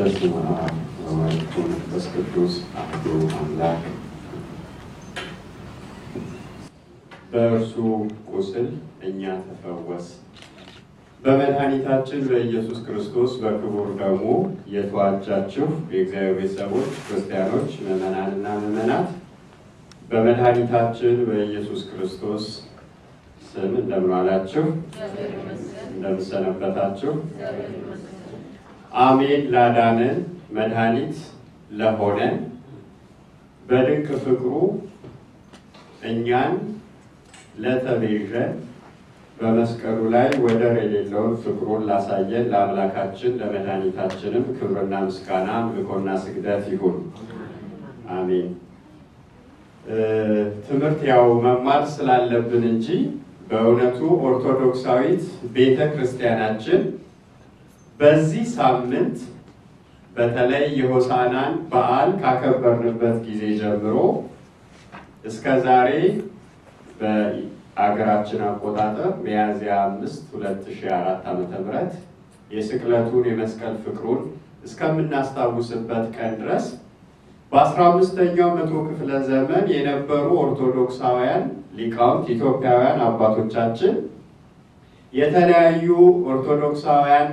በስመ አብ ወወልድ ወመንፈስ ቅዱስ አሐዱ አምላክ። በእርሱ ቁስል እኛ ተፈወስ። በመድኃኒታችን በኢየሱስ ክርስቶስ በክቡር ደግሞ የተዋጃችሁ የእግዚአብሔር ቤተሰቦች ክርስቲያኖች፣ ምዕመናንና ምዕመናት በመድኃኒታችን በኢየሱስ ክርስቶስ ስም እንደምን ዋላችሁ? እንደምን ሰነበታችሁ? አሜን ላዳነን መድኃኒት ለሆነን በድንቅ ፍቅሩ እኛን ለተቤዠን በመስቀሉ ላይ ወደር የሌለውን ፍቅሩን ላሳየን ለአምላካችን ለመድኃኒታችንም ክብርና ምስጋና ምልኮና ስግደት ይሁን፣ አሜን። ትምህርት ያው መማር ስላለብን እንጂ በእውነቱ ኦርቶዶክሳዊት ቤተ ክርስቲያናችን በዚህ ሳምንት በተለይ የሆሳናን በዓል ካከበርንበት ጊዜ ጀምሮ እስከ ዛሬ በአገራችን አቆጣጠር ሚያዝያ አምስት ሁለት ሺህ አራት ዓመተ የስቅለቱን የመስቀል ፍቅሩን እስከምናስታውስበት ቀን ድረስ በአስራ አምስተኛው መቶ ክፍለ ዘመን የነበሩ ኦርቶዶክሳውያን ሊቃውንት ኢትዮጵያውያን አባቶቻችን የተለያዩ ኦርቶዶክሳውያን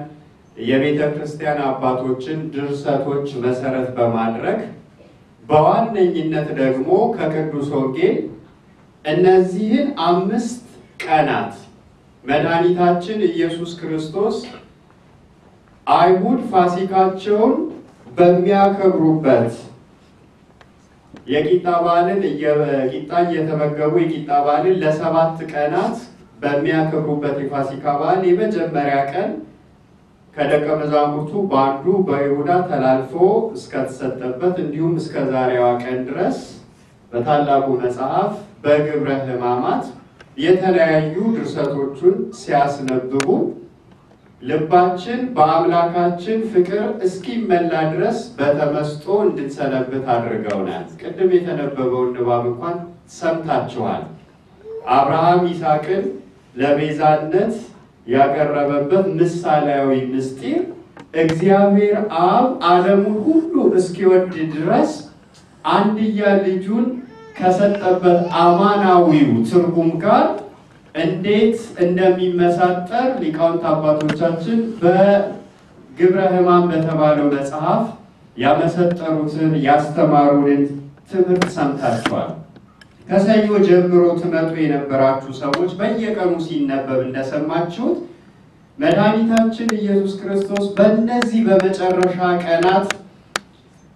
የቤተ ክርስቲያን አባቶችን ድርሰቶች መሰረት በማድረግ በዋነኝነት ደግሞ ከቅዱስ ወንጌል እነዚህን አምስት ቀናት መድኃኒታችን ኢየሱስ ክርስቶስ አይሁድ ፋሲካቸውን በሚያከብሩበት የቂጣ በዓልን ቂጣ እየተመገቡ የቂጣ በዓልን ለሰባት ቀናት በሚያከብሩበት የፋሲካ በዓል የመጀመሪያ ቀን ከደቀ መዛሙርቱ በአንዱ በይሁዳ ተላልፎ እስከተሰጠበት እንዲሁም እስከ ዛሬዋ ቀን ድረስ በታላቁ መጽሐፍ በግብረ ሕማማት የተለያዩ ድርሰቶቹን ሲያስነብቡ ልባችን በአምላካችን ፍቅር እስኪመላ ድረስ በተመስጦ እንድንሰነብት አድርገውናል። ቅድም የተነበበውን ንባብ እንኳን ሰምታችኋል። አብርሃም ይስሐቅን ለቤዛነት ያቀረበበት ምሳሌያዊ ምስጢር እግዚአብሔር አብ ዓለሙን ሁሉ እስኪወድ ድረስ አንድያ ልጁን ከሰጠበት አማናዊው ትርጉም ጋር እንዴት እንደሚመሳጠር ሊቃውንት አባቶቻችን በግብረ ሕማም በተባለው መጽሐፍ ያመሰጠሩትን ያስተማሩንን ትምህርት ሰምታችኋል። ከሰኞ ጀምሮ ትመጡ የነበራችሁ ሰዎች በየቀኑ ሲነበብ እንደሰማችሁት መድኃኒታችን ኢየሱስ ክርስቶስ በእነዚህ በመጨረሻ ቀናት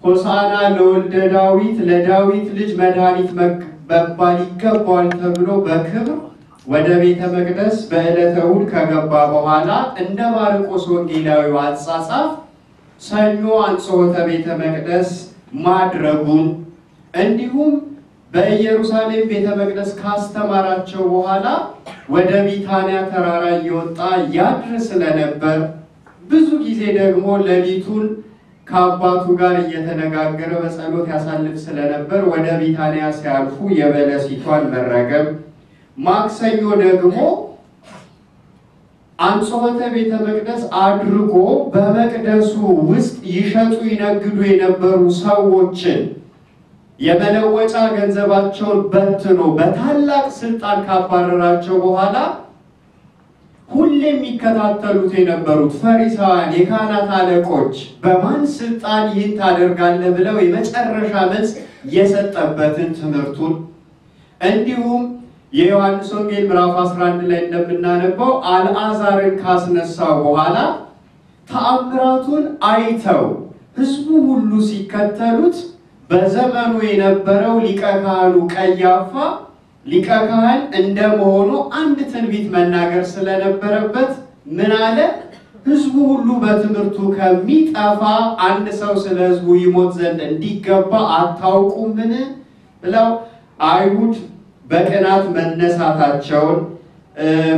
ሆሳና ለወልደ ዳዊት ለዳዊት ልጅ መድኃኒት መባል ይገባዋል ተብሎ በክብር ወደ ቤተ መቅደስ በዕለተ እሑድ ከገባ በኋላ እንደ ማርቆስ ወንጌላዊ አጻጻፍ ሰኞ አንጽሖተ ቤተ መቅደስ ማድረጉን እንዲሁም በኢየሩሳሌም ቤተ መቅደስ ካስተማራቸው በኋላ ወደ ቢታንያ ተራራ እየወጣ ያድር ስለነበር ብዙ ጊዜ ደግሞ ሌሊቱን ከአባቱ ጋር እየተነጋገረ በጸሎት ያሳልፍ ስለነበር ወደ ቢታንያ ሲያልፉ የበለሲቷን መረገም፣ ማክሰኞ ደግሞ አንጽሖተ ቤተ መቅደስ አድርጎ በመቅደሱ ውስጥ ይሸጡ ይነግዱ የነበሩ ሰዎችን የመለወጫ ገንዘባቸውን በትኖ በታላቅ ስልጣን ካባረራቸው በኋላ ሁሌ የሚከታተሉት የነበሩት ፈሪሳውያን፣ የካህናት አለቆች በማን ስልጣን ይህን ታደርጋለህ ብለው የመጨረሻ መልስ የሰጠበትን ትምህርቱን እንዲሁም የዮሐንስ ወንጌል ምዕራፍ 11 ላይ እንደምናነበው አልዓዛርን ካስነሳው በኋላ ተአምራቱን አይተው ሕዝቡ ሁሉ ሲከተሉት በዘመኑ የነበረው ሊቀ ካህኑ ቀያፋ ሊቀ ካህን እንደመሆኑ አንድ ትንቢት መናገር ስለነበረበት ምን አለ? ህዝቡ ሁሉ በትምህርቱ ከሚጠፋ አንድ ሰው ስለ ህዝቡ ይሞት ዘንድ እንዲገባ አታውቁምን? ብለው አይሁድ በቅናት መነሳታቸውን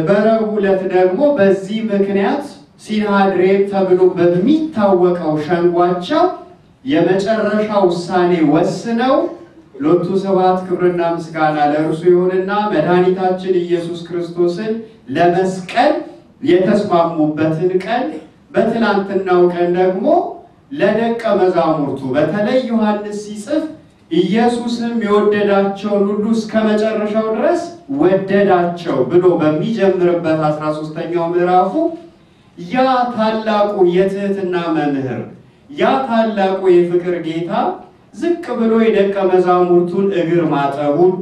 በረቡዕ ዕለት ደግሞ በዚህ ምክንያት ሲናድሬም ተብሎ በሚታወቀው ሸንጓቸው የመጨረሻ ውሳኔ ወስነው ሎቱ ስብሐት ክብርና ምስጋና ለእርሱ ይሁንና መድኃኒታችን ኢየሱስ ክርስቶስን ለመስቀል የተስማሙበትን ቀን በትናንትናው ቀን ደግሞ ለደቀ መዛሙርቱ በተለይ ዮሐንስ ሲጽፍ ኢየሱስም የወደዳቸውን ሁሉ እስከ መጨረሻው ድረስ ወደዳቸው ብሎ በሚጀምርበት አስራ ሦስተኛው ምዕራፉ ያ ታላቁ የትህትና መምህር ያ ታላቁ የፍቅር ጌታ ዝቅ ብሎ የደቀ መዛሙርቱን እግር ማጠቡን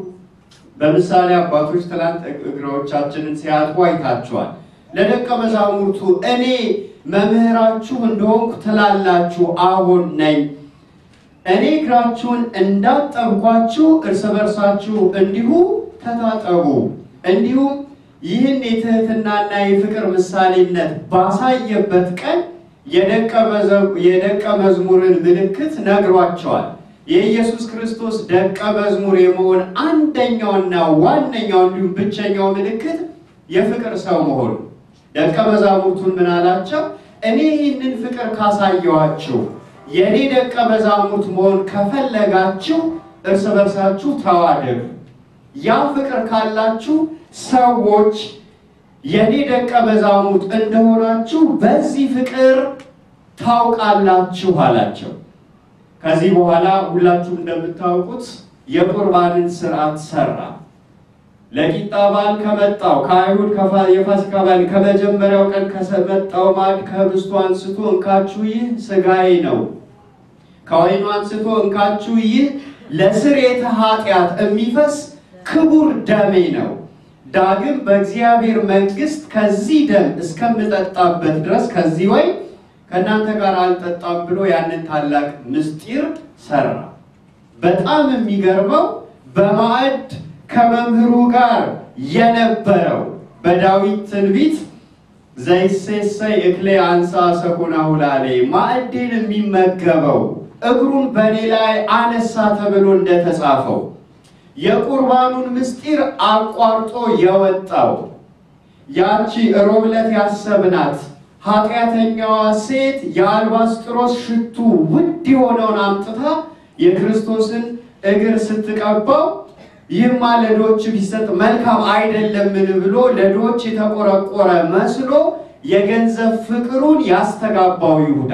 በምሳሌ አባቶች ትላንት እግሮቻችንን ሲያጥቡ አይታችኋል። ለደቀ መዛሙርቱ እኔ መምህራችሁ እንደሆንኩ ትላላችሁ፣ አሁን ነኝ። እኔ እግራችሁን እንዳጠብኳችሁ እርስ በርሳችሁ እንዲሁ ተታጠቡ። እንዲሁም ይህን የትህትናና የፍቅር ምሳሌነት ባሳየበት ቀን የደቀ መዝሙርን ምልክት ነግሯቸዋል። የኢየሱስ ክርስቶስ ደቀ መዝሙር የመሆን አንደኛውና ዋነኛው እንዲሁም ብቸኛው ምልክት የፍቅር ሰው መሆኑ። ደቀ መዛሙርቱን ምን አላቸው? እኔ ይህንን ፍቅር ካሳየኋችሁ የእኔ ደቀ መዛሙርት መሆን ከፈለጋችሁ እርስ በርሳችሁ ተዋደዱ። ያ ፍቅር ካላችሁ ሰዎች የኔ ደቀ መዛሙርት እንደሆናችሁ በዚህ ፍቅር ታውቃላችሁ አላቸው። ከዚህ በኋላ ሁላችሁ እንደምታውቁት የቁርባንን ስርዓት ሰራ። ለቂጣ በዓል ከመጣው ከአይሁድ የፋሲካ በዓል ከመጀመሪያው ቀን ከሰመጣው ማዕድ ከህብስቱ አንስቶ እንካችሁ ይህ ስጋዬ ነው፣ ከወይኑ አንስቶ እንካችሁ ይህ ለስርየተ ኃጢአት የሚፈስ ክቡር ደሜ ነው ዳግም በእግዚአብሔር መንግስት ከዚህ ደም እስከምጠጣበት ድረስ ከዚህ ወይ ከእናንተ ጋር አልጠጣም ብሎ ያንን ታላቅ ምስጢር ሰራ። በጣም የሚገርመው በማዕድ ከመምህሩ ጋር የነበረው በዳዊት ትንቢት ዘይሴሰይ እክሌ አንሳ ሰኮናሁ ላለየ ማዕዴን የሚመገበው እግሩን በኔ ላይ አነሳ ተብሎ እንደተጻፈው የቁርባኑን ምስጢር አቋርጦ የወጣው ያቺ ሮብለት ያሰብናት ኃጢአተኛዋ ሴት የአልባስጥሮስ ሽቱ ውድ የሆነውን አምጥታ የክርስቶስን እግር ስትቀባው ይህማ ለድሆች ቢሰጥ መልካም አይደለምን ብሎ ለድሆች የተቆረቆረ መስሎ የገንዘብ ፍቅሩን ያስተጋባው ይሁዳ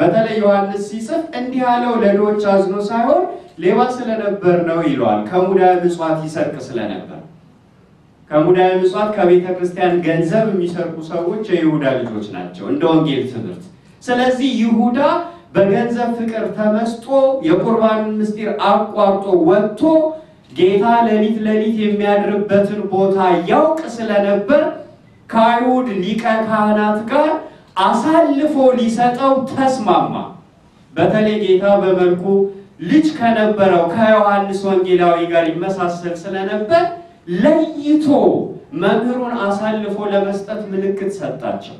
በተለይ ዮሐንስ ሲጽፍ እንዲህ ያለው ለድሆች አዝኖ ሳይሆን ሌባ ስለነበር ነው ይለዋል። ከሙዳየ ምጽዋት ይሰርቅ ስለነበር ከሙዳየ ምጽዋት ከቤተ ክርስቲያን ገንዘብ የሚሰርቁ ሰዎች የይሁዳ ልጆች ናቸው እንደ ወንጌል ትምህርት። ስለዚህ ይሁዳ በገንዘብ ፍቅር ተመስጦ የቁርባንን ምስጢር አቋርጦ ወጥቶ ጌታ ሌሊት ሌሊት የሚያድርበትን ቦታ ያውቅ ስለነበር ከአይሁድ ሊቀ ካህናት ጋር አሳልፎ ሊሰጠው ተስማማ። በተለይ ጌታ በመልኩ ልጅ ከነበረው ከዮሐንስ ወንጌላዊ ጋር ይመሳሰል ስለነበር ለይቶ መምህሩን አሳልፎ ለመስጠት ምልክት ሰጣቸው።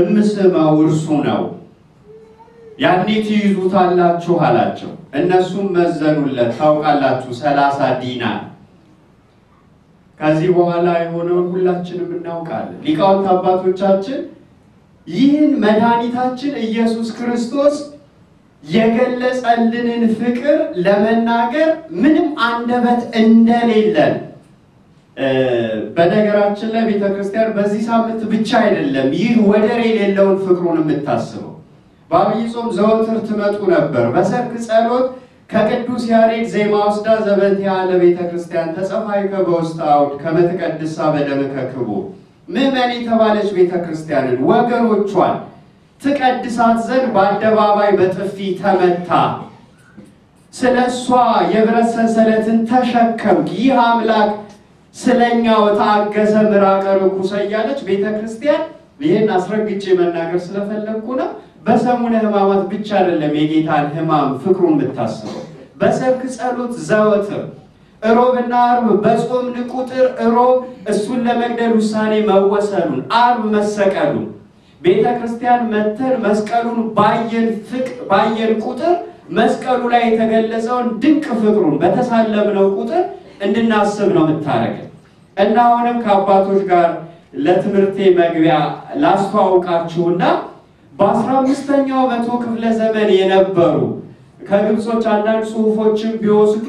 እምስመው እርሱ ነው፣ ያኔ ትይዙታላችሁ አላቸው። እነሱም መዘኑለት። ታውቃላችሁ ሰላሳ ዲናር ከዚህ በኋላ የሆነውን ሁላችንም እናውቃለን። ሊቃውንት አባቶቻችን ይህን መድኃኒታችን ኢየሱስ ክርስቶስ የገለጸልንን ፍቅር ለመናገር ምንም አንደበት እንደሌለን በነገራችን ላይ ቤተክርስቲያን በዚህ ሳምንት ብቻ አይደለም ይህ ወደር የሌለውን ፍቅሩን የምታስበው። በአብይ ጾም ዘወትር ትመጡ ነበር። በሰርክ ጸሎት ከቅዱስ ያሬድ ዜማ ወስዳ ዘበንቲያ ለቤተ ክርስቲያን ተጸፋይከ በውስተ አውድ ከመ በደምከ ክቡር ምዕመን የተባለች ቤተክርስቲያንን ወገኖቿን ትቀድሳት ዘንድ በአደባባይ በጥፊ ተመታ። ስለ እሷ የብረት ሰንሰለትን ተሸከምክ። ይህ አምላክ ስለኛ ወታገሰ ምራቀ ርኩሰ እያለች ቤተ ክርስቲያን ይህን አስረግጬ መናገር ስለፈለግኩ ነው። በሰሙነ ሕማማት ብቻ አይደለም የጌታን ሕማም ፍቅሩን የምታስበው። በሰብክ ጸሎት ዘወትር እሮብና አርብ በጾምን ቁጥር እሮብ እሱን ለመግደል ውሳኔ መወሰኑን፣ አርብ መሰቀሉን ቤተ ክርስቲያን መተን መስቀሉን ባየን ፍቅ ባየን ቁጥር መስቀሉ ላይ የተገለጸውን ድንቅ ፍቅሩን በተሳለምነው ቁጥር እንድናስብ ነው የምታደርገን እና አሁንም ከአባቶች ጋር ለትምህርቴ መግቢያ ላስተዋውቃችሁና በአስራ አምስተኛው መቶ ክፍለ ዘመን የነበሩ ከግብጾች አንዳንድ ጽሁፎችን ቢወስዱ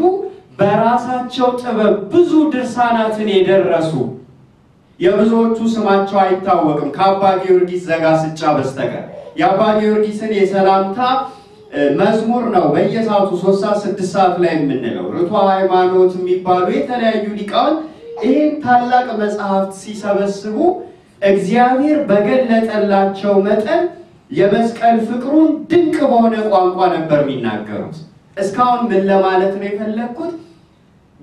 በራሳቸው ጥበብ ብዙ ድርሳናትን የደረሱ የብዙዎቹ ስማቸው አይታወቅም ከአባ ጊዮርጊስ ዘጋስጫ በስተቀር። የአባ ጊዮርጊስን የሰላምታ መዝሙር ነው በየሰዓቱ ሶስት ሰዓት ስድስት ሰዓት ላይ የምንለው ርቶ ሃይማኖት የሚባሉ የተለያዩ ሊቃውንት ይህን ታላቅ መጽሐፍት ሲሰበስቡ እግዚአብሔር በገለጠላቸው መጠን የመስቀል ፍቅሩን ድንቅ በሆነ ቋንቋ ነበር የሚናገሩት። እስካሁን ምን ለማለት ነው የፈለግኩት?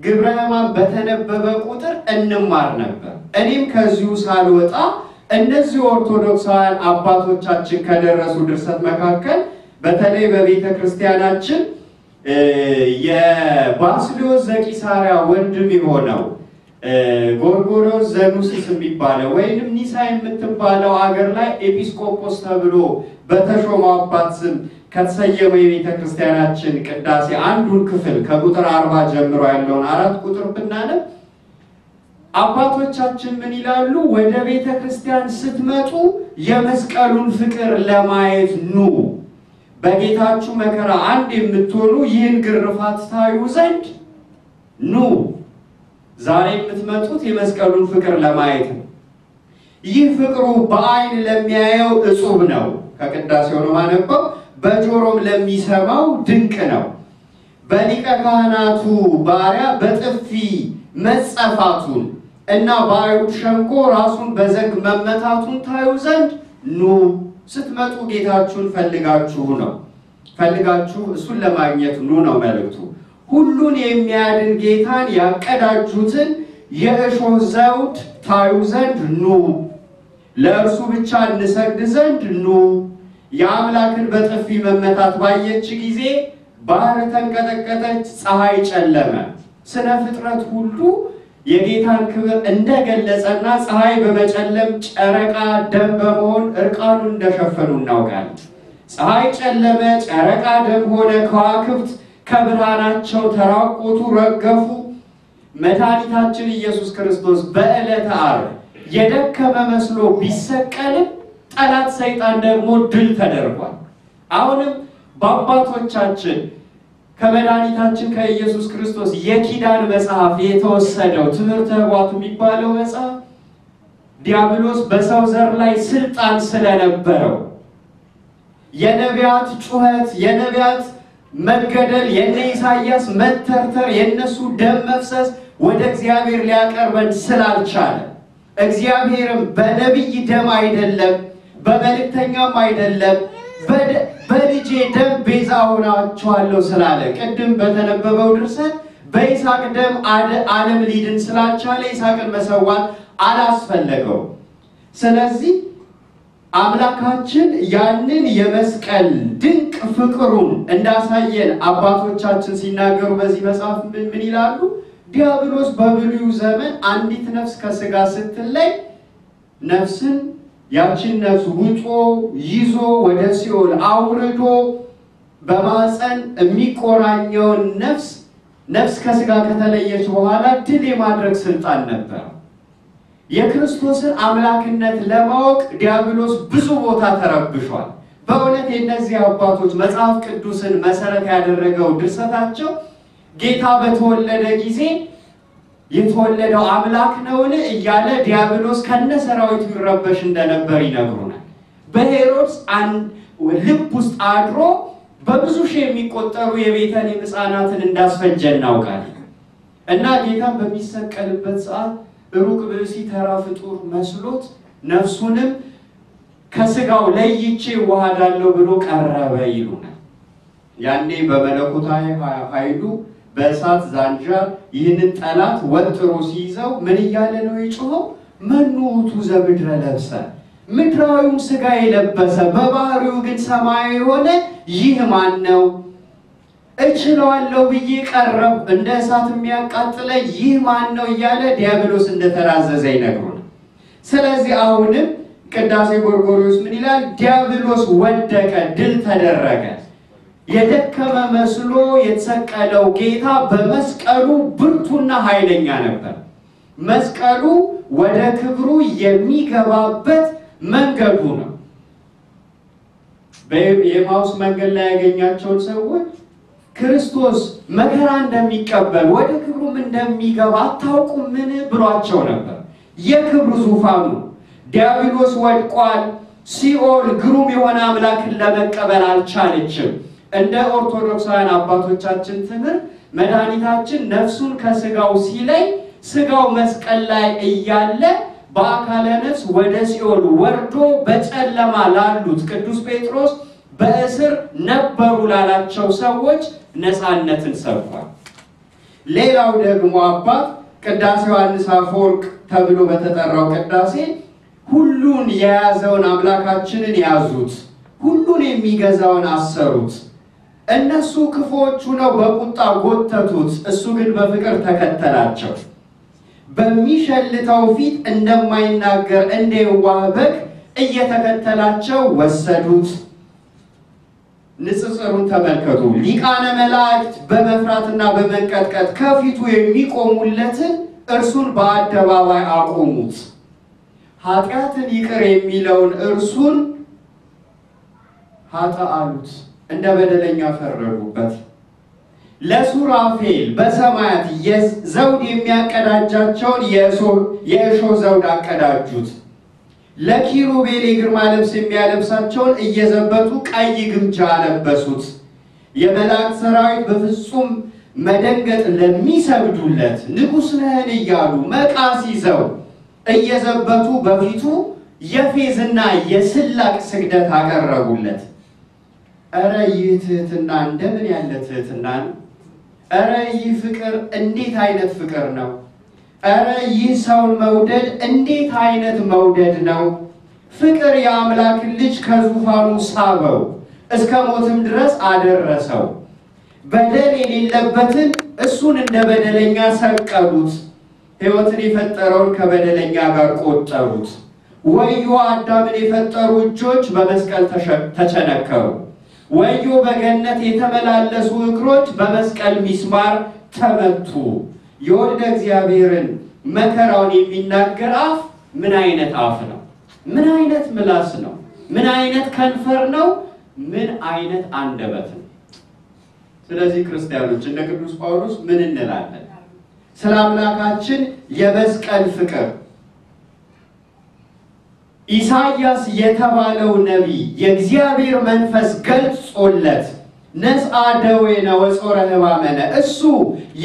ግብረ ሕማም በተነበበ ቁጥር እንማር ነበር። እኔም ከዚሁ ሳልወጣ እነዚህ ኦርቶዶክሳውያን አባቶቻችን ከደረሱ ድርሰት መካከል በተለይ በቤተ ክርስቲያናችን የባስልዮስ ዘቂሳርያ ወንድም የሆነው ጎርጎርዮስ ዘኑሲስ የሚባለው ወይንም ኒሳ የምትባለው አገር ላይ ኤጲስቆጶስ ተብሎ በተሾመ አባት ስም ከተሰየመ የቤተ ክርስቲያናችን ቅዳሴ አንዱን ክፍል ከቁጥር አርባ ጀምሮ ያለውን አራት ቁጥር ብናነብ አባቶቻችን ምን ይላሉ? ወደ ቤተ ክርስቲያን ስትመጡ የመስቀሉን ፍቅር ለማየት ኑ። በጌታችሁ መከራ አንድ የምትሆኑ ይህን ግርፋት ታዩ ዘንድ ኑ። ዛሬ የምትመጡት የመስቀሉን ፍቅር ለማየት ነው። ይህ ፍቅሩ በአይን ለሚያየው እጹብ ነው። ከቅዳሴ ሆኖ ማነበው በጆሮም ለሚሰማው ድንቅ ነው። በሊቀ ካህናቱ ባሪያ በጥፊ መጸፋቱን እና በአይሁድ ሸንጎ ራሱን በዘግ መመታቱን ታዩ ዘንድ ኑ ስትመጡ ጌታችሁን ፈልጋችሁ ነው ፈልጋችሁ እሱን ለማግኘት ኑ ነው መልእክቱ። ሁሉን የሚያድን ጌታን ያቀዳጁትን የእሾህ ዘውድ ታዩ ዘንድ ኑ፣ ለእርሱ ብቻ እንሰግድ ዘንድ ኑ የአምላክን በጥፊ መመታት ባየች ጊዜ ባህር ተንቀጠቀጠች፣ ፀሐይ ጨለመ። ስነ ፍጥረት ሁሉ የጌታን ክብር እንደገለጸና ፀሐይ በመጨለም ጨረቃ ደም በመሆን እርቃኑን እንደሸፈኑ እናውቃለን። ፀሐይ ጨለመ፣ ጨረቃ ደም ሆነ፣ ከዋክብት ከብርሃናቸው ተራቆቱ፣ ረገፉ። መድኃኒታችን ኢየሱስ ክርስቶስ በዕለተ ዓርብ የደከመ መስሎ ቢሰቀልም ጠላት ሰይጣን ደግሞ ድል ተደርጓል። አሁንም በአባቶቻችን ከመድኃኒታችን ከኢየሱስ ክርስቶስ የኪዳን መጽሐፍ የተወሰደው ትምህርተ ኅቡዓት የሚባለው መጽሐፍ ዲያብሎስ በሰው ዘር ላይ ስልጣን ስለነበረው የነቢያት ጩኸት፣ የነቢያት መገደል፣ የነ ኢሳያስ መተርተር፣ የነሱ ደም መፍሰስ ወደ እግዚአብሔር ሊያቀርበን ስላልቻለ እግዚአብሔርም በነቢይ ደም አይደለም በመልእክተኛም አይደለም በልጄ ደም ቤዛ ሆናችኋለሁ ስላለ ቅድም በተነበበው ድርሰት በይስሐቅ ደም ዓለም ሊድን ስላልቻለ ይስሐቅን መሰዋት አላስፈለገው። ስለዚህ አምላካችን ያንን የመስቀል ድንቅ ፍቅሩን እንዳሳየን አባቶቻችን ሲናገሩ በዚህ መጽሐፍ ምን ይላሉ? ዲያብሎስ በብሉይ ዘመን አንዲት ነፍስ ከስጋ ስትለይ ነፍስን ያችን ነፍስ ውጦ ይዞ ወደ ሲኦል አውርዶ በማፀን የሚቆራኘውን ነፍስ ነፍስ ከስጋ ከተለየች በኋላ ድል የማድረግ ስልጣን ነበር። የክርስቶስን አምላክነት ለማወቅ ዲያብሎስ ብዙ ቦታ ተረብሿል። በእውነት የእነዚህ አባቶች መጽሐፍ ቅዱስን መሰረት ያደረገው ድርሰታቸው ጌታ በተወለደ ጊዜ የተወለደው አምላክ ነውን እያለ ዲያብሎስ ከነ ሰራዊቱ ይረበሽ እንደነበር ይነግሩናል። በሄሮድስ ልብ ውስጥ አድሮ በብዙ ሺህ የሚቆጠሩ የቤተልሔም ሕፃናትን እንዳስፈጀ እናውቃለን። እና ጌታን በሚሰቀልበት ሰዓት ሩቅ ብእሲ ተራ ፍጡር መስሎት ነፍሱንም ከስጋው ለይቼ ዋሃዳለሁ ብሎ ቀረበ ይሉናል። ያኔ በመለኮታዊ ኃይሉ በእሳት ዛንጃ ይህንን ጠላት ወጥሮ ሲይዘው ምን እያለ ነው የጮኸው? መኑ ውእቱ ዘምድረ ለብሰ፣ ምድራዊው ስጋ የለበሰ በባህሪው ግን ሰማያዊ የሆነ ይህ ማን ነው? እችለዋለሁ ብዬ ቀረብ እንደ እሳት የሚያቃጥለ ይህ ማን ነው እያለ ዲያብሎስ እንደተራዘዘ ይነግሩን። ስለዚህ አሁንም ቅዳሴ ጎርጎርዮስ ምን ይላል? ዲያብሎስ ወደቀ፣ ድል ተደረገ። የደከመ መስሎ የተሰቀለው ጌታ በመስቀሉ ብርቱና ኃይለኛ ነበር። መስቀሉ ወደ ክብሩ የሚገባበት መንገዱ ነው። በኤማውስ መንገድ ላይ ያገኛቸውን ሰዎች ክርስቶስ መከራ እንደሚቀበል ወደ ክብሩም እንደሚገባ አታውቁም ምን ብሏቸው ነበር። የክብሩ ዙፋኑ ዲያብሎስ ወድቋል። ሲኦል ግሩም የሆነ አምላክን ለመቀበል አልቻለችም። እንደ ኦርቶዶክሳውያን አባቶቻችን ትምህርት መድኃኒታችን ነፍሱን ከስጋው ሲለይ ስጋው መስቀል ላይ እያለ በአካለ ነፍስ ወደ ሲኦል ወርዶ በጨለማ ላሉት ቅዱስ ጴጥሮስ በእስር ነበሩ ላላቸው ሰዎች ነፃነትን ሰብኳል። ሌላው ደግሞ አባት ቅዳሴ ዮሐንስ አፈወርቅ ተብሎ በተጠራው ቅዳሴ ሁሉን የያዘውን አምላካችንን ያዙት፣ ሁሉን የሚገዛውን አሰሩት እነሱ ክፉዎቹ ነው በቁጣ ጎተቱት፣ እሱ ግን በፍቅር ተከተላቸው። በሚሸልተው ፊት እንደማይናገር እንደ የዋህ በግ እየተከተላቸው ወሰዱት። ንጽጽሩን ተመልከቱ። ሊቃነ መላእክት በመፍራትና በመንቀጥቀጥ ከፊቱ የሚቆሙለትን እርሱን በአደባባይ አቆሙት። ኃጢአትን ይቅር የሚለውን እርሱን ኃጥእ አሉት። እንደ በደለኛ ፈረጉበት። ለሱራፌል በሰማያት ዘውድ የሚያቀዳጃቸውን የእሾህ ዘውድ አቀዳጁት። ለኪሩቤል የግርማ ልብስ የሚያለብሳቸውን እየዘበቱ ቀይ ግምጃ አለበሱት። የመላእክት ሰራዊት በፍጹም መደንገጥ ለሚሰግዱለት ንጉሥ ነህን እያሉ መቃስ ይዘው እየዘበቱ በፊቱ የፌዝና የስላቅ ስግደት አቀረቡለት። እረ ይህ ትህትና እንደምን ያለ ትህትና ነው! እረ ይህ ፍቅር እንዴት አይነት ፍቅር ነው! እረ ይህ ሰውን መውደድ እንዴት አይነት መውደድ ነው! ፍቅር የአምላክ ልጅ ከዙፋኑ ሳበው፣ እስከ ሞትም ድረስ አደረሰው። በደል የሌለበትን እሱን እንደ በደለኛ ሰቀሉት። ሕይወትን የፈጠረውን ከበደለኛ ጋር ቆጠሩት። ወዮ አዳምን የፈጠሩ እጆች በመስቀል ተቸነከሩ። ወዮ በገነት የተመላለሱ እግሮች በመስቀል ሚስማር ተመቱ። የወልደ እግዚአብሔርን መከራውን የሚናገር አፍ ምን አይነት አፍ ነው? ምን አይነት ምላስ ነው? ምን አይነት ከንፈር ነው? ምን አይነት አንደበት ነው? ስለዚህ ክርስቲያኖች እንደ ቅዱስ ጳውሎስ ምን እንላለን? ስለ አምላካችን የመስቀል ፍቅር ኢሳይያስ የተባለው ነቢይ የእግዚአብሔር መንፈስ ገልጾለት ነፃ ነው ወጾረ ሕማመነ እሱ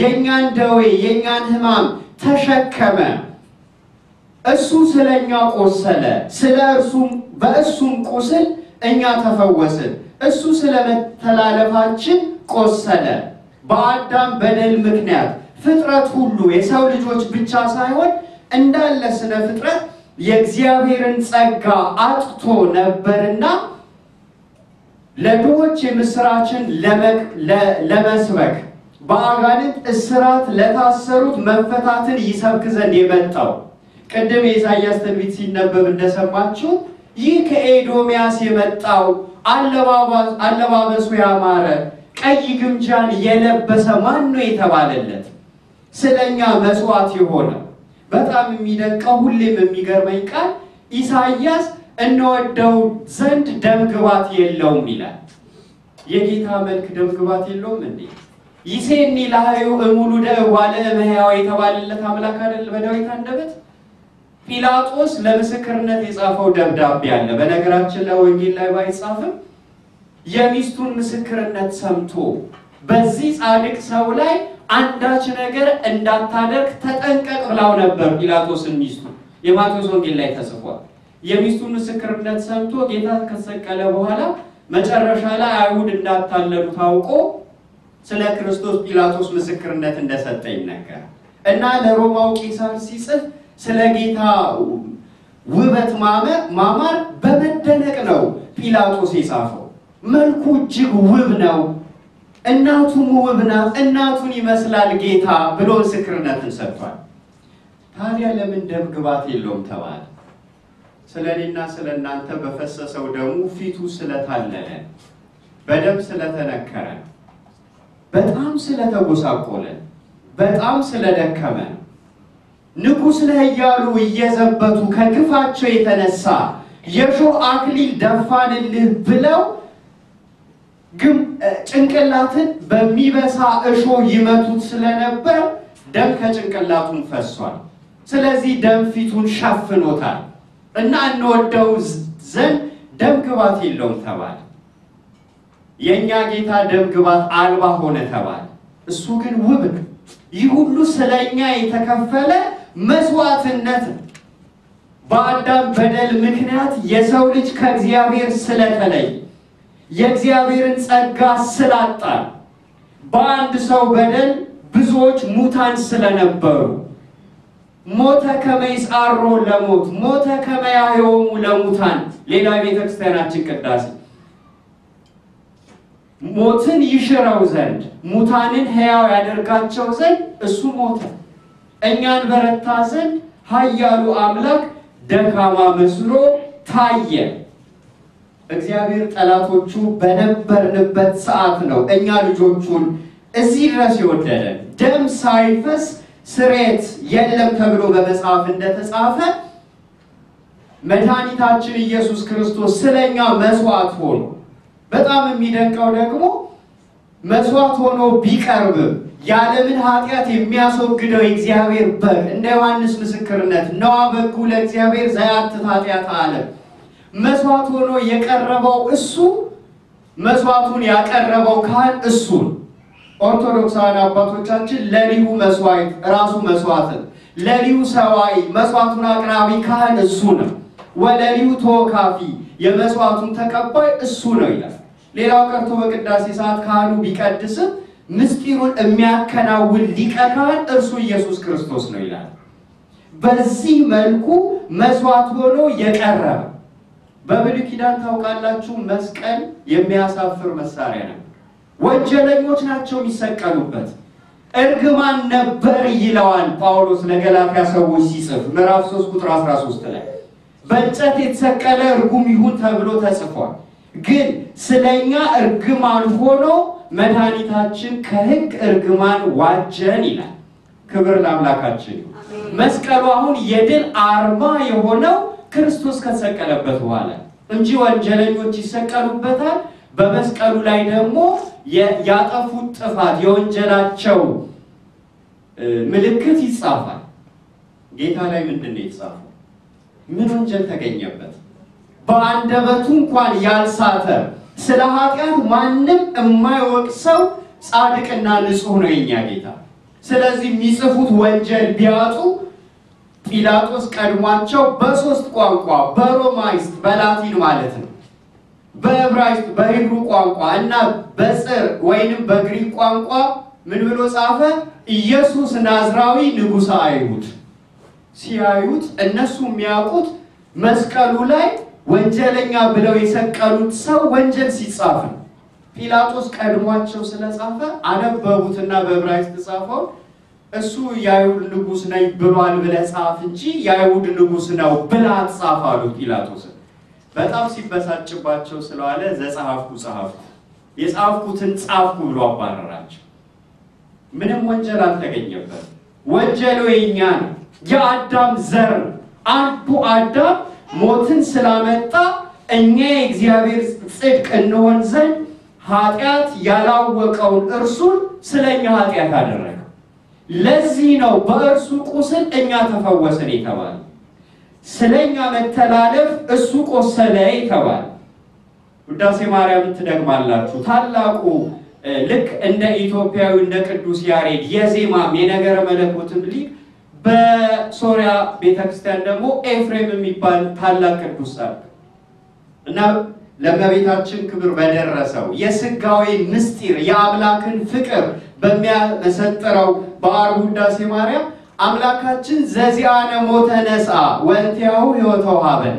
የእኛን ደዌ የእኛን ህማም ተሸከመ። እሱ ስለ እኛ ቆሰለ፣ ስለ እርሱም በእሱም ቁስል እኛ ተፈወስን። እሱ ስለ መተላለፋችን ቆሰለ። በአዳም በደል ምክንያት ፍጥረት ሁሉ የሰው ልጆች ብቻ ሳይሆን እንዳለ ስነ ፍጥረት የእግዚአብሔርን ጸጋ አጥቶ ነበርና ለድሆች የምስራችን ለመስበክ በአጋንንት እስራት ለታሰሩት መፈታትን ይሰብክ ዘንድ የመጣው ቅድም የኢሳያስ ትንቢት ሲነበብ እንደሰማችሁ ይህ ከኤዶምያስ የመጣው አለባበሱ ያማረ ቀይ ግምጃን የለበሰ ማን ነው የተባለለት ስለ እኛ መሥዋዕት የሆነው በጣም የሚደቀው ሁሌም የሚገርመኝ ቃል ኢሳይያስ እንወደው ዘንድ ደም ግባት የለውም ይላል። የጌታ መልክ ደም ግባት የለውም እንዴ? ይሴኒ ላህሪው እሙሉ ደ ዋለ ለእመሕያው የተባለለት አምላክ አይደል? በዳዊት አንደበት ጲላጦስ ለምስክርነት የጻፈው ደብዳቤ አለ። በነገራችን ላይ ወንጌል ላይ ባይጻፍም የሚስቱን ምስክርነት ሰምቶ በዚህ ጻድቅ ሰው ላይ አንዳች ነገር እንዳታደርግ ተጠንቀቅ ብላው ነበር ጲላጦስን ሚስቱ። የማቴዎስ ወንጌል ላይ ተጽፏል። የሚስቱን ምስክርነት ሰምቶ ጌታ ከተሰቀለ በኋላ መጨረሻ ላይ አይሁድ እንዳታለሉ ታውቆ ስለ ክርስቶስ ጲላጦስ ምስክርነት እንደሰጠ ይነገራል። እና ለሮማው ቄሳር ሲጽፍ ስለ ጌታ ውበት ማማር በመደነቅ ነው ጲላጦስ የጻፈው። መልኩ እጅግ ውብ ነው እናቱም ውብ ናት፣ እናቱን ይመስላል ጌታ ብሎ ምስክርነትን ሰጥቷል። ታዲያ ለምን ደም ግባት የለውም ተባለ? ስለ እኔና ስለ እናንተ በፈሰሰው ደሙ ፊቱ ስለታለለ፣ በደም ስለተነከረ፣ በጣም ስለተጎሳቆለ፣ በጣም ስለደከመ ንጉሥ ነህ እያሉ እየዘበቱ ከግፋቸው የተነሳ የሾህ አክሊል ደፋንልህ ብለው ጭንቅላትን በሚበሳ እሾህ ይመቱት ስለነበር ደም ከጭንቅላቱን ፈሷል። ስለዚህ ደም ፊቱን ሸፍኖታል እና እንወደው ዘንድ ደም ግባት የለውም ተባለ። የእኛ ጌታ ደም ግባት አልባ ሆነ ተባለ። እሱ ግን ውብ ነው። ይህ ሁሉ ስለ እኛ የተከፈለ መስዋዕትነት ነው። በአዳም በደል ምክንያት የሰው ልጅ ከእግዚአብሔር ስለተለየ የእግዚአብሔርን ጸጋ ስላጣ በአንድ ሰው በደል ብዙዎች ሙታን ስለነበሩ ሞተ ከመይስአሮ ለሞት ሞተ ከመያየውሙ ለሙታን ሌላ ቤተክርስቲያናችን ቅዳሴ ሞትን ይሽረው ዘንድ ሙታንን ሕያው ያደርጋቸው ዘንድ እሱ ሞተ፣ እኛን በረታ ዘንድ ኃያሉ አምላክ ደካማ መስሎ ታየ። እግዚአብሔር ጠላቶቹ በነበርንበት ሰዓት ነው እኛ ልጆቹን እዚህ ድረስ የወደደን። ደም ሳይፈስ ስሬት የለም ተብሎ በመጽሐፍ እንደተጻፈ መድኃኒታችን ኢየሱስ ክርስቶስ ስለኛ መስዋዕት ሆኖ በጣም የሚደንቀው ደግሞ መስዋዕት ሆኖ ቢቀርብም የዓለምን ኃጢአት የሚያስወግደው የእግዚአብሔር በግ እንደ ዮሐንስ ምስክርነት ነዋ በጉ ለእግዚአብሔር ዘያትት ኃጢአት ዓለም መስዋዕት ሆኖ የቀረበው እሱ መስዋዕቱን ያቀረበው ካህን እሱን ኦርቶዶክሳውያን አባቶቻችን ለሊሁ መስዋዕት ራሱ መስዋዕትን ለሊሁ ሰዋይ መስዋዕቱን አቅራቢ ካህን እሱ ነው። ወለሊሁ ተወካፊ የመስዋዕቱን ተቀባይ እሱ ነው ይላል። ሌላው ቀርቶ በቅዳሴ ሰዓት ካህኑ ቢቀድስም ምስጢሩን የሚያከናውን ሊቀ ካህን እርሱ ኢየሱስ ክርስቶስ ነው ይላል። በዚህ መልኩ መስዋዕት ሆኖ የቀረበ በብሉይ ኪዳን ታውቃላችሁ፣ መስቀል የሚያሳፍር መሳሪያ ነው። ወንጀለኞች ናቸው የሚሰቀሉበት። እርግማን ነበር ይለዋል ጳውሎስ ለገላትያ ሰዎች ሲጽፍ ምዕራፍ 3 ቁጥር 13 ላይ በእንጨት የተሰቀለ እርጉም ይሁን ተብሎ ተጽፏል። ግን ስለኛ እርግማን ሆኖ መድኃኒታችን ከህግ እርግማን ዋጀን ይላል። ክብር ለአምላካችን። መስቀሉ አሁን የድል አርማ የሆነው ክርስቶስ ከተሰቀለበት በኋላ እንጂ ወንጀለኞች ይሰቀሉበታል። በመስቀሉ ላይ ደግሞ ያጠፉት ጥፋት የወንጀላቸው ምልክት ይጻፋል። ጌታ ላይ ምንድን ነው የተጻፈው? ምን ወንጀል ተገኘበት? በአንደበቱ እንኳን ያልሳተ ስለ ኃጢአት ማንም የማይወቅ ሰው ጻድቅና ንጹሕ ነው የኛ ጌታ። ስለዚህ የሚጽፉት ወንጀል ቢያጡ ጲላጦስ ቀድሟቸው በሶስት ቋንቋ በሮማይስጥ በላቲን ማለት ነው፣ በዕብራይስጥ በሂብሩ ቋንቋ እና በጽር ወይንም በግሪክ ቋንቋ ምን ብሎ ጻፈ? ኢየሱስ ናዝራዊ ንጉሠ አይሁድ። ሲያዩት እነሱ የሚያውቁት መስቀሉ ላይ ወንጀለኛ ብለው የሰቀሉት ሰው ወንጀል ሲጻፍ ነው። ጲላጦስ ቀድሟቸው ስለጻፈ አነበቡትና በዕብራይስጥ ጻፈው። እሱ የአይሁድ ንጉሥ ነኝ ብሏል ብለህ ጻፍ እንጂ የአይሁድ ንጉሥ ነው ብላ ጻፍ አሉ ጲላጦስ። በጣም ሲበሳጭባቸው ስለዋለ ዘጸሐፍኩ ጸሐፍኩ፣ የጻፍኩትን ጻፍኩ ብሎ አባረራቸው። ምንም ወንጀል አልተገኘበት። ወንጀሉ የኛ ነው፣ የአዳም ዘር አንዱ አዳም ሞትን ስላመጣ እኛ የእግዚአብሔር ጽድቅ እንሆን ዘንድ ኃጢአት ያላወቀውን እርሱን ስለኛ ኃጢአት አደረገ። ለዚህ ነው በእርሱ ቁስል እኛ ተፈወስን የተባለ፣ ስለ እኛ መተላለፍ እሱ ቆሰለ የተባለ። ውዳሴ ማርያም ትደግማላችሁ። ታላቁ ልክ እንደ ኢትዮጵያዊ እንደ ቅዱስ ያሬድ የዜማም የነገረ መለኮትም ሊቅ በሶሪያ ቤተክርስቲያን ደግሞ ኤፍሬም የሚባል ታላቅ ቅዱስ ሰርክ እና ለመቤታችን ክብር በደረሰው የስጋዊ ምስጢር የአምላክን ፍቅር በሚያመሰጥረው በዓር ውዳሴ ማርያም አምላካችን ዘዚአነ ሞተ ነሳ ወእንቲአሁ ሕይወተ ወሀበነ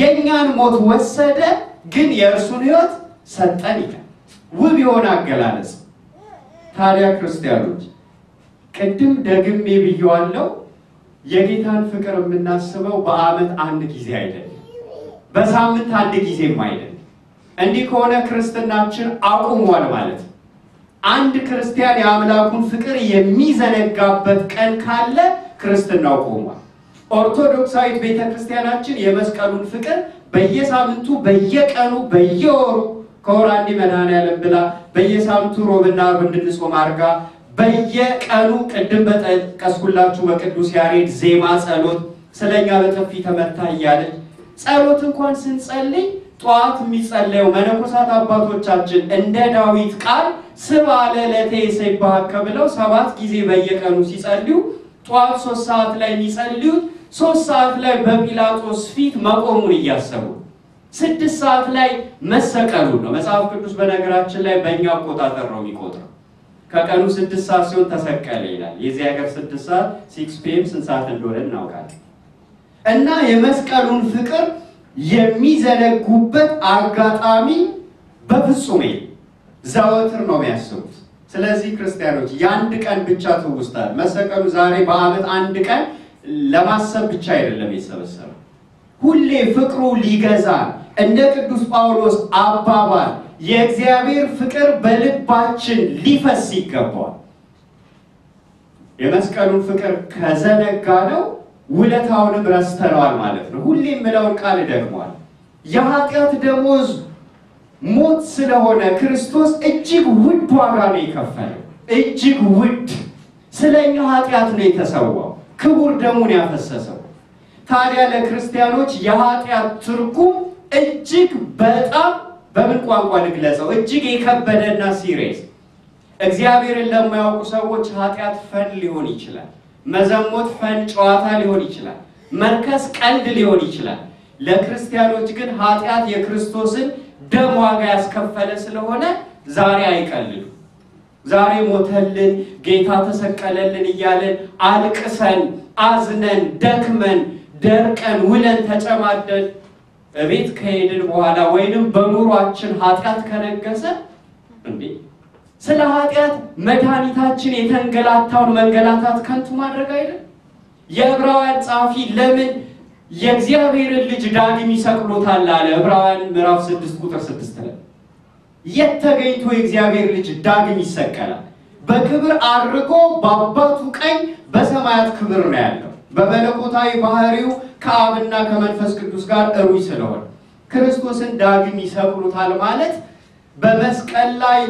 የእኛን ሞት ወሰደ፣ ግን የእርሱን ሕይወት ሰጠን ይላል። ውብ የሆነ አገላለጽ። ታዲያ ክርስቲያኖች ቅድም ደግሜ ብየዋለሁ። የጌታን ፍቅር የምናስበው በዓመት አንድ ጊዜ አይደለም፣ በሳምንት አንድ ጊዜም አይደለም። እንዲህ ከሆነ ክርስትናችን አቁሟል ማለት ነው። አንድ ክርስቲያን የአምላኩን ፍቅር የሚዘነጋበት ቀን ካለ ክርስትናው ቆሟል። ኦርቶዶክሳዊት ቤተክርስቲያናችን የመስቀሉን ፍቅር በየሳምንቱ፣ በየቀኑ፣ በየወሩ ከወር አንድ መድኃኔዓለም ብላ በየሳምንቱ ሮብና አርብ እንድንጾም አድርጋ በየቀኑ ቅድም በጠቀስኩላችሁ በቅዱስ ያሬድ ዜማ ጸሎት ስለኛ በጥፊ ተመታ እያለች ጸሎት እንኳን ስንጸልይ ጠዋት የሚጸለየው መነኮሳት አባቶቻችን እንደ ዳዊት ቃል ስብሐ ለዕለተ ይሴብሐከ ብለው ሰባት ጊዜ በየቀኑ ሲጸልዩ ጠዋት ሶስት ሰዓት ላይ የሚጸልዩት ሶስት ሰዓት ላይ በጲላጦስ ፊት መቆሙን እያሰቡ ስድስት ሰዓት ላይ መሰቀሉ ነው። መጽሐፍ ቅዱስ በነገራችን ላይ በእኛ አቆጣጠር ነው የሚቆጥረው። ከቀኑ ስድስት ሰዓት ሲሆን ተሰቀለ ይላል። የዚህ ሀገር ስድስት ሰዓት ሲክስ ፒኤም ስንት ሰዓት እንደሆነ እናውቃለን። እና የመስቀሉን ፍቅር የሚዘነጉበት አጋጣሚ በፍጹም የለም። ዘወትር ነው የሚያስቡት። ስለዚህ ክርስቲያኖች የአንድ ቀን ብቻ ትውስታ መሰቀሉ ዛሬ በዓመት አንድ ቀን ለማሰብ ብቻ አይደለም የተሰበሰበ ሁሌ ፍቅሩ ሊገዛ እንደ ቅዱስ ጳውሎስ አባባል የእግዚአብሔር ፍቅር በልባችን ሊፈስ ይገባል። የመስቀሉን ፍቅር ነው ውለታውንም ረስተነዋል ማለት ነው። ሁሌ የምለውን ቃል ደግሟል። የኃጢአት ደሞዝ ሞት ስለሆነ ክርስቶስ እጅግ ውድ ዋጋ ነው የከፈለው። እጅግ ውድ ስለ እኛ ኃጢአት ነው የተሰዋው፣ ክቡር ደሙን ያፈሰሰው። ታዲያ ለክርስቲያኖች የኃጢአት ትርጉም እጅግ በጣም በምን ቋንቋ ልግለጸው? እጅግ የከበደና ሲሪየስ። እግዚአብሔርን ለማያውቁ ሰዎች ኃጢአት ፈን ሊሆን ይችላል። መዘሞት ፈን ጨዋታ ሊሆን ይችላል። መርከስ ቀልድ ሊሆን ይችላል። ለክርስቲያኖች ግን ኃጢአት የክርስቶስን ደም ዋጋ ያስከፈለ ስለሆነ ዛሬ አይቀልሉ። ዛሬ ሞተልን፣ ጌታ ተሰቀለልን እያለን አልቅሰን፣ አዝነን፣ ደክመን፣ ደርቀን፣ ውለን፣ ተጨማደን እቤት ከሄድን በኋላ ወይንም በኑሯችን ኃጢአት ከነገሰ እንዴ ስለ ኃጢአት መድኃኒታችን የተንገላታውን መንገላታት ከንቱ ማድረግ አይደል? የዕብራውያን ጸሐፊ ለምን የእግዚአብሔርን ልጅ ዳግም ይሰቅሎታል አለ ዕብራውያን ምዕራፍ 6 ቁጥር 6 ላይ የት ተገኝቶ የእግዚአብሔር ልጅ ዳግም ይሰቀላል? በክብር አድርጎ በአባቱ ቀኝ በሰማያት ክብር ነው ያለው በመለኮታዊ ባህሪው ከአብና ከመንፈስ ቅዱስ ጋር እሩይ ስለሆነ ክርስቶስን ዳግም ይሰቅሉታል ማለት በመስቀል ላይ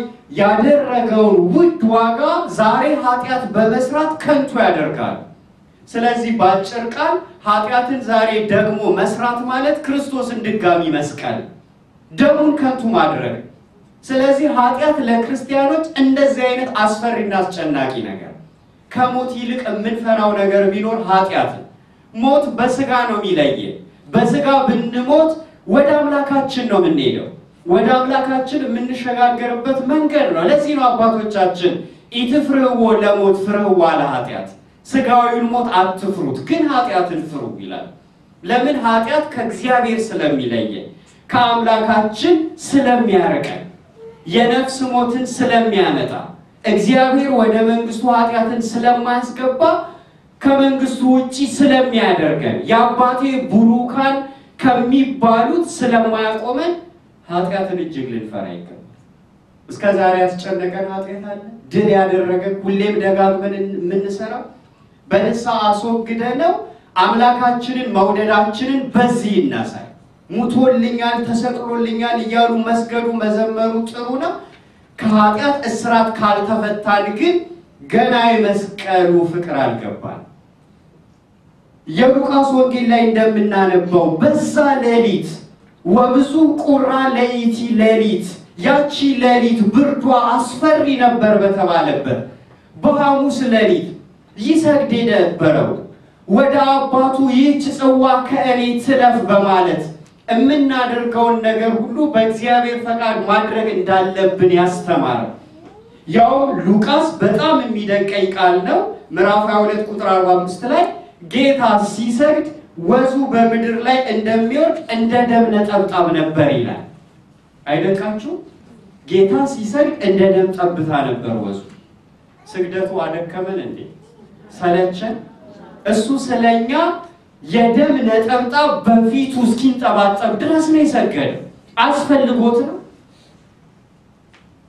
ያደረገውን ውድ ዋጋ ዛሬ ኃጢአት በመስራት ከንቱ ያደርጋል። ስለዚህ በአጭር ቃል ኃጢአትን ዛሬ ደግሞ መስራት ማለት ክርስቶስን ድጋሚ መስቀል፣ ደሙን ከንቱ ማድረግ። ስለዚህ ኃጢአት ለክርስቲያኖች እንደዚህ አይነት አስፈሪና አስጨናቂ ነገር ከሞት ይልቅ የምንፈራው ነገር ቢኖር ኃጢአት ሞት በስጋ ነው የሚለየ። በስጋ ብንሞት ወደ አምላካችን ነው የምንሄደው። ወደ አምላካችን የምንሸጋገርበት መንገድ ነው። ለዚህ ነው አባቶቻችን ኢትፍርህዎ ለሞት ፍርህዋ ለኃጢአት ስጋዊውን ሞት አትፍሩት፣ ግን ኃጢአትን ፍሩ ይላል። ለምን? ኃጢአት ከእግዚአብሔር ስለሚለየን፣ ከአምላካችን ስለሚያርቀን፣ የነፍስ ሞትን ስለሚያመጣ፣ እግዚአብሔር ወደ መንግስቱ ኃጢአትን ስለማያስገባ፣ ከመንግስቱ ውጪ ስለሚያደርገን፣ የአባቴ ቡሩካን ከሚባሉት ስለማያቆመን ኃጢአትን እጅግ ልንፈራ ይገባል። እስከ ዛሬ ያስጨነቀን ኃጢአት አለ? ድል ያደረገን ሁሌም ደጋግመን የምንሰራው በንስሐ አስወግደ ነው አምላካችንን መውደዳችንን በዚህ እናሳይ። ሙቶልኛል፣ ተሰቅሎልኛል እያሉ መስገዱ መዘመሩ ጥሩ ነው። ከኃጢአት እስራት ካልተፈታን ግን ገና የመስቀሉ ፍቅር አልገባል። የሉቃስ ወንጌል ላይ እንደምናነበው በዛ ሌሊት ወብዙ ቁራ ለይቲ ሌሊት ያቺ ሌሊት ብርዷ አስፈሪ ነበር በተባለበት በሐሙስ ሌሊት ይሰግድ የነበረው ወደ አባቱ ይህች ጽዋ ከእኔ ትለፍ በማለት የምናደርገውን ነገር ሁሉ በእግዚአብሔር ፈቃድ ማድረግ እንዳለብን ያስተማረ ያው ሉቃስ በጣም የሚደንቀኝ ቃል ነው። ምዕራፍ 22 ቁጥር 45 ላይ ጌታ ሲሰግድ ወዙ በምድር ላይ እንደሚወርድ እንደ ደም ነጠብጣብ ነበር ይላል። አይደንቃችሁ? ጌታ ሲሰግድ እንደ ደም ጠብታ ነበር ወዙ። ስግደቱ አደከመን እንዴ? ሰለቸን። እሱ ስለኛ የደም ነጠብጣብ በፊቱ እስኪንጠባጠብ ድረስ ነው የሰገደው። አስፈልጎት ነው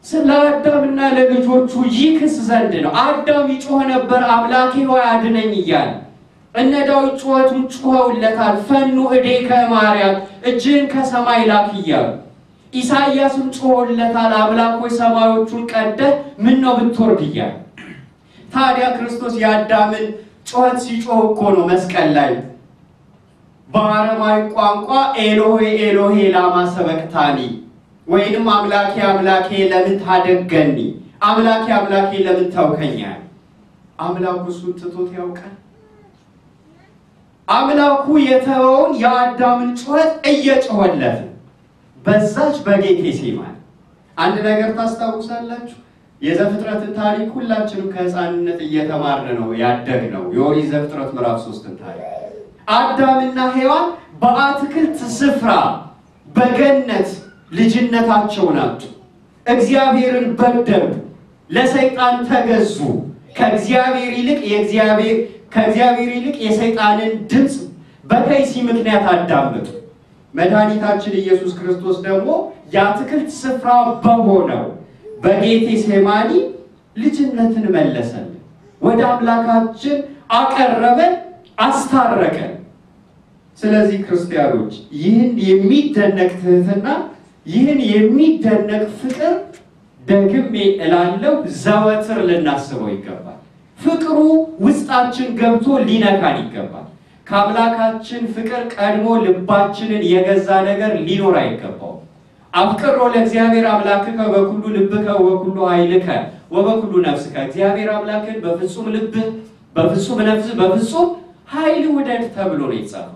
ስለ አዳምና ለልጆቹ ይክስ ዘንድ ነው። አዳም ይጮህ ነበር፣ አምላኬ ሆይ አድነኝ እያለ እነ ዳዊት ጩኸቱን ጩኸውለታል። ፈኑ እዴ ማርያም፣ እጅህን ከሰማይ ላክ እያሉ ኢሳይያስም ጩኸውለታል። አምላክ ሆይ ሰማዮቹን ቀደህ ምን ነው ብትወርድ እያለ ታዲያ ክርስቶስ የአዳምን ጩኸት ሲጮህ እኮ ነው መስቀል ላይ በአረማዊ ቋንቋ ኤሎሄ ኤሎሄ ላማ ሰበቅታኒ ወይንም አምላኬ አምላኬ ለምን ታደገኒ፣ አምላኬ አምላኬ ለምን ታውከኛል? አምላኩ እሱን ትቶት ያውቃል? አምላኩ የተወውን የአዳምን ጩኸት እየጮኸለት በዛች በጌቴ ሴማል አንድ ነገር ታስታውሳላችሁ። የዘፍጥረት ታሪክ ሁላችንም ከህፃንነት እየተማርን ነው ያደግ ነው። የኦሪት ዘፍጥረት ምዕራፍ ሶስትን ታሪክ አዳምና ሔዋን በአትክልት ስፍራ በገነት ልጅነታቸውን አጡ። እግዚአብሔርን በደሉ፣ ለሰይጣን ተገዙ። ከእግዚአብሔር ይልቅ የእግዚአብሔር ከእግዚአብሔር ይልቅ የሰይጣንን ድምፅ በከይሲ ምክንያት አዳምጡ። መድኃኒታችን ኢየሱስ ክርስቶስ ደግሞ የአትክልት ስፍራ በሆነው በጌቴ ሴማኒ ልጅነትን መለሰልን፣ ወደ አምላካችን አቀረበን፣ አስታረቀን። ስለዚህ ክርስቲያኖች ይህን የሚደነቅ ትህትና፣ ይህን የሚደነቅ ፍቅር ደግሜ እላለሁ ዘወትር ልናስበው ይገባል። ፍቅሩ ውስጣችን ገብቶ ሊነካን ይገባል። ከአምላካችን ፍቅር ቀድሞ ልባችንን የገዛ ነገር ሊኖር አይገባው። አፍቅሮ ለእግዚአብሔር አምላክከ በኩሉ ልብከ ወበኩሉ ኃይልከ ወበኩሉ ነፍስከ እግዚአብሔር አምላክን በፍጹም ልብህ፣ በፍጹም ነፍስ በፍጹም ኃይል ውደድ ተብሎ ነው የተጻፈው።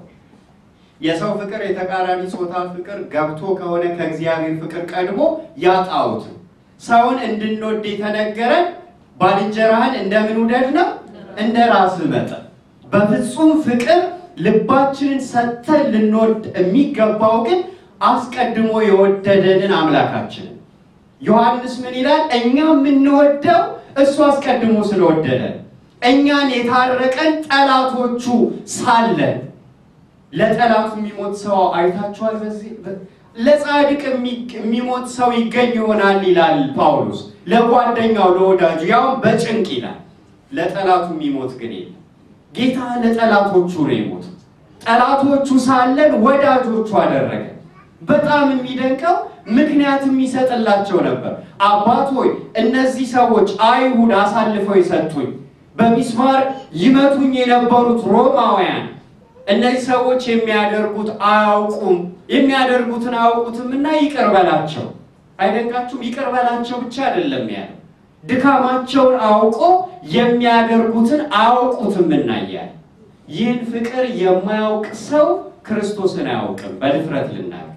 የሰው ፍቅር የተቃራኒ ጾታ ፍቅር ገብቶ ከሆነ ከእግዚአብሔር ፍቅር ቀድሞ ያጣውት ሰውን እንድንወድ የተነገረን ባልንጀራህን እንደምን ውደድ ነው እንደ ራስህ መጠን በፍጹም ፍቅር ልባችንን ሰጥተን ልንወድ የሚገባው ግን አስቀድሞ የወደደንን አምላካችንን ዮሐንስ ምን ይላል? እኛ የምንወደው እሱ አስቀድሞ ስለወደደን እኛን የታረቀን ጠላቶቹ ሳለን ለጠላቱ የሚሞት ሰው አይታችኋል። በዚህ ለጻድቅ የሚሞት ሰው ይገኝ ይሆናል ይላል ጳውሎስ ለጓደኛው ለወዳጁ ያውም በጭንቅ ይላል። ለጠላቱ የሚሞት ግን የለም። ጌታ ለጠላቶቹ ነው የሞቱት። ጠላቶቹ ሳለን ወዳጆቹ አደረገ። በጣም የሚደንቀው ምክንያት የሚሰጥላቸው ነበር። አባት ሆይ እነዚህ ሰዎች አይሁድ አሳልፈው የሰጡኝ በሚስማር ይመቱኝ የነበሩት ሮማውያን እነዚህ ሰዎች የሚያደርጉት አያውቁም፣ የሚያደርጉትን አያውቁትም እና ይቅር በላቸው። አይደንቃችሁም? ይቅር በላቸው ብቻ አይደለም ያለው ድካማቸውን አውቆ የሚያደርጉትን አያውቁትም እናያል። ይህን ፍቅር የማያውቅ ሰው ክርስቶስን አያውቅም። በድፍረት ልናገር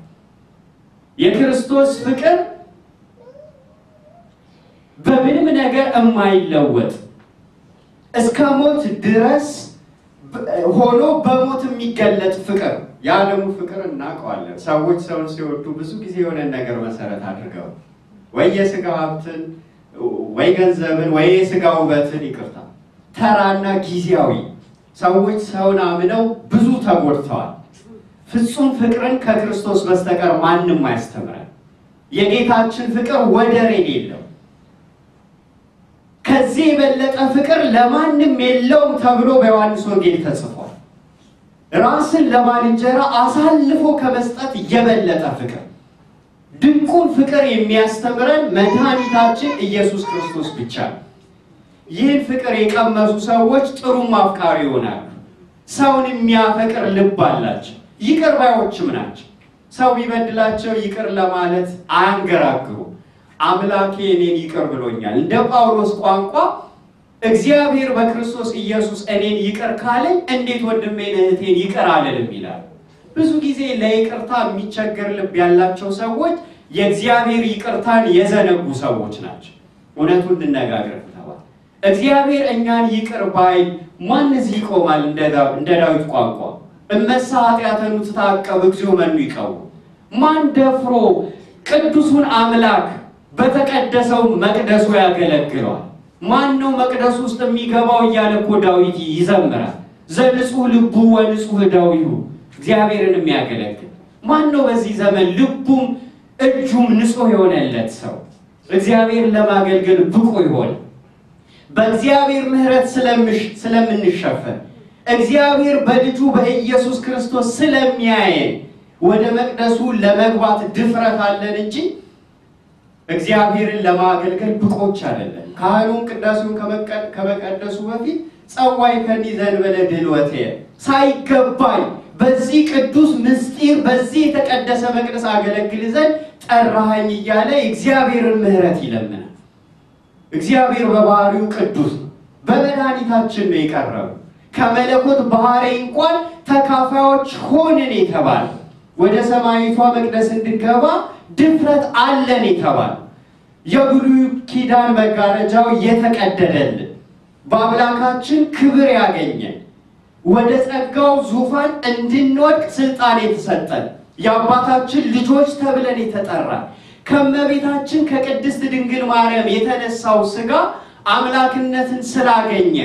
የክርስቶስ ፍቅር በምንም ነገር የማይለወጥ እስከ ሞት ድረስ ሆኖ በሞት የሚገለጥ ፍቅር የዓለሙ ፍቅር እናውቀዋለን። ሰዎች ሰውን ሲወዱ ብዙ ጊዜ የሆነ ነገር መሰረት አድርገው ወይ የስጋ ሀብትን ወይ ገንዘብን ወይ የስጋ ውበትን ይቅርታ፣ ተራና ጊዜያዊ ሰዎች ሰውን አምነው ብዙ ተጎድተዋል። ፍጹም ፍቅርን ከክርስቶስ በስተቀር ማንም አያስተምረን። የጌታችን ፍቅር ወደር የሌለው ከዚህ የበለጠ ፍቅር ለማንም የለውም ተብሎ በዮሐንስ ወንጌል ተጽፏል። ራስን ለባልንጀራ አሳልፎ ከመስጠት የበለጠ ፍቅር ድንቁን ፍቅር የሚያስተምረን መድኃኒታችን ኢየሱስ ክርስቶስ ብቻ ነው። ይህን ፍቅር የቀመሱ ሰዎች ጥሩም አፍቃሪ ይሆናሉ። ሰውን የሚያፈቅር ልብ አላቸው። ይቅር ባዮችም ናቸው። ሰው ቢበድላቸው ይቅር ለማለት አያንገራግሩ። አምላኬ እኔን ይቅር ብሎኛል። እንደ ጳውሎስ ቋንቋ እግዚአብሔር በክርስቶስ ኢየሱስ እኔን ይቅር ካለኝ እንዴት ወንድሜን እህቴን ይቅር አልልም ይላል። ብዙ ጊዜ ለይቅርታ የሚቸገር ልብ ያላቸው ሰዎች የእግዚአብሔር ይቅርታን የዘነጉ ሰዎች ናቸው። እውነቱን እንነጋገር ተባል እግዚአብሔር እኛን ይቅር ባይ ማን እዚህ ይቆማል? እንደ ዳዊት ቋንቋ እመሳ ኃጢአተኑ ትታቀብ እግዚኦ መኑ ይቀው ማን ደፍሮ ቅዱሱን አምላክ በተቀደሰው መቅደሱ ያገለግለዋል? ማን ነው መቅደሱ ውስጥ የሚገባው እያለ እኮ ዳዊት ይዘምራል። ዘንጹሕ ልቡ ወንጹሕ እደዊሁ እግዚአብሔርን የሚያገለግል ማን ነው በዚህ ዘመን ልቡም እጁም ንጹሕ የሆነለት ሰው እግዚአብሔርን ለማገልገል ብቁ ይሆን? በእግዚአብሔር ምሕረት ስለምንሸፈን እግዚአብሔር በልጁ በኢየሱስ ክርስቶስ ስለሚያየን ወደ መቅደሱ ለመግባት ድፍረት አለን እንጂ እግዚአብሔርን ለማገልገል ብቆች አይደለም። ካህኑን ቅዳሴውን ከመቀደሱ በፊት ጸዋይ ከሚዘን ዘንበለ ሳይገባኝ በዚህ ቅዱስ ምስጢር በዚህ የተቀደሰ መቅደስ አገለግል ዘንድ ጠራኸኝ እያለ እግዚአብሔርን ምሕረት ይለምናል። እግዚአብሔር በባህሪው ቅዱስ ነው። በመድኃኒታችን ነው የቀረበው። ከመለኮት ባህሪ እንኳን ተካፋዮች ሆንን የተባል ወደ ሰማይቷ መቅደስ እንድገባ ድፍረት አለን የተባል የብሉይ ኪዳን መጋረጃው የተቀደደልን በአምላካችን ክብር ያገኘ ወደ ጸጋው ዙፋን እንድንወድቅ ስልጣን የተሰጠን የአባታችን ልጆች ተብለን የተጠራ ከመቤታችን ከቅድስት ድንግል ማርያም የተነሳው ስጋ አምላክነትን ስላገኘ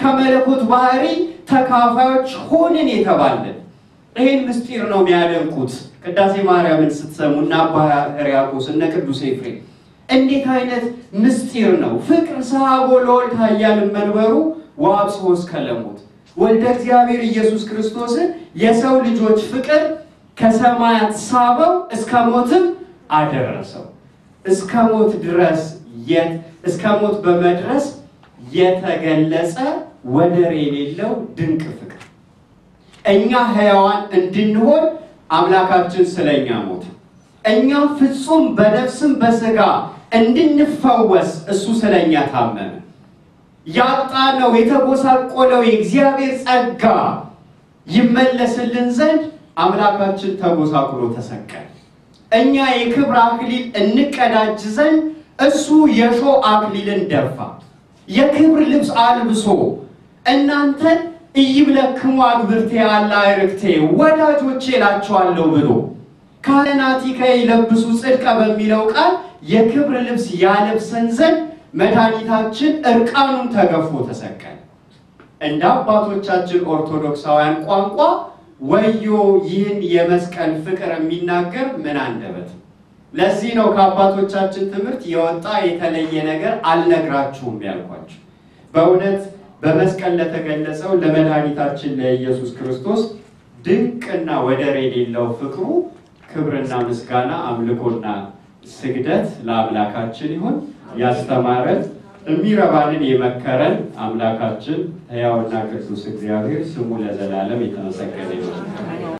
ከመለኮት ባህሪ ተካፋዮች ሆንን የተባልን ይህን ምስጢር ነው የሚያደንቁት። ቅዳሴ ማርያምን ስትሰሙ እና አባ ሕርያቆስ እነ ቅዱስ ኤፍሬም እንዴት አይነት ምስጢር ነው! ፍቅር ሰሐቦ ለወልድ ኃያል መንበሩ ወአብ እስከ ለሞት ወልደ እግዚአብሔር ኢየሱስ ክርስቶስን የሰው ልጆች ፍቅር ከሰማያት ሳበው እስከ ሞትም አደረሰው። እስከ ሞት ድረስ እስከ ሞት በመድረስ የተገለጸ ወደር የሌለው ድንቅ ፍቅር እኛ ሕያዋን እንድንሆን አምላካችን ስለኛ ሞት እኛ ፍጹም በነፍስም በስጋ እንድንፈወስ እሱ ስለኛ ታመመ። ያጣነው የተጎሳቆለው የእግዚአብሔር ጸጋ ይመለስልን ዘንድ አምላካችን ተጎሳቁሎ ተሰቀል። እኛ የክብር አክሊል እንቀዳጅ ዘንድ እሱ የሾህ አክሊልን ደፋ፣ የክብር ልብስ አልብሶ እናንተ እይብለክሙ አግብርቴ አላ እርክቴ ወዳጆቼ እላችኋለሁ ብሎ ካህናቲከ ይለብሱ ጽድቀ በሚለው ቃል የክብር ልብስ ያለብሰን ዘንድ መድኃኒታችን እርቃኑን ተገፎ ተሰቀለ። እንደ አባቶቻችን ኦርቶዶክሳውያን ቋንቋ ወዮ ይህን የመስቀል ፍቅር የሚናገር ምን አንደበት! ለዚህ ነው ከአባቶቻችን ትምህርት የወጣ የተለየ ነገር አልነግራችሁም ያልኳቸው። በእውነት በመስቀል ለተገለጸው ለመድኃኒታችን ለኢየሱስ ክርስቶስ ድንቅና ወደር የሌለው ፍቅሩ ክብርና ምስጋና አምልኮና ስግደት ለአምላካችን ይሁን። ያስተማረን የሚረባንን የመከረን አምላካችን ሕያውና ቅዱስ እግዚአብሔር ስሙ ለዘላለም የተመሰገነ ይሁን።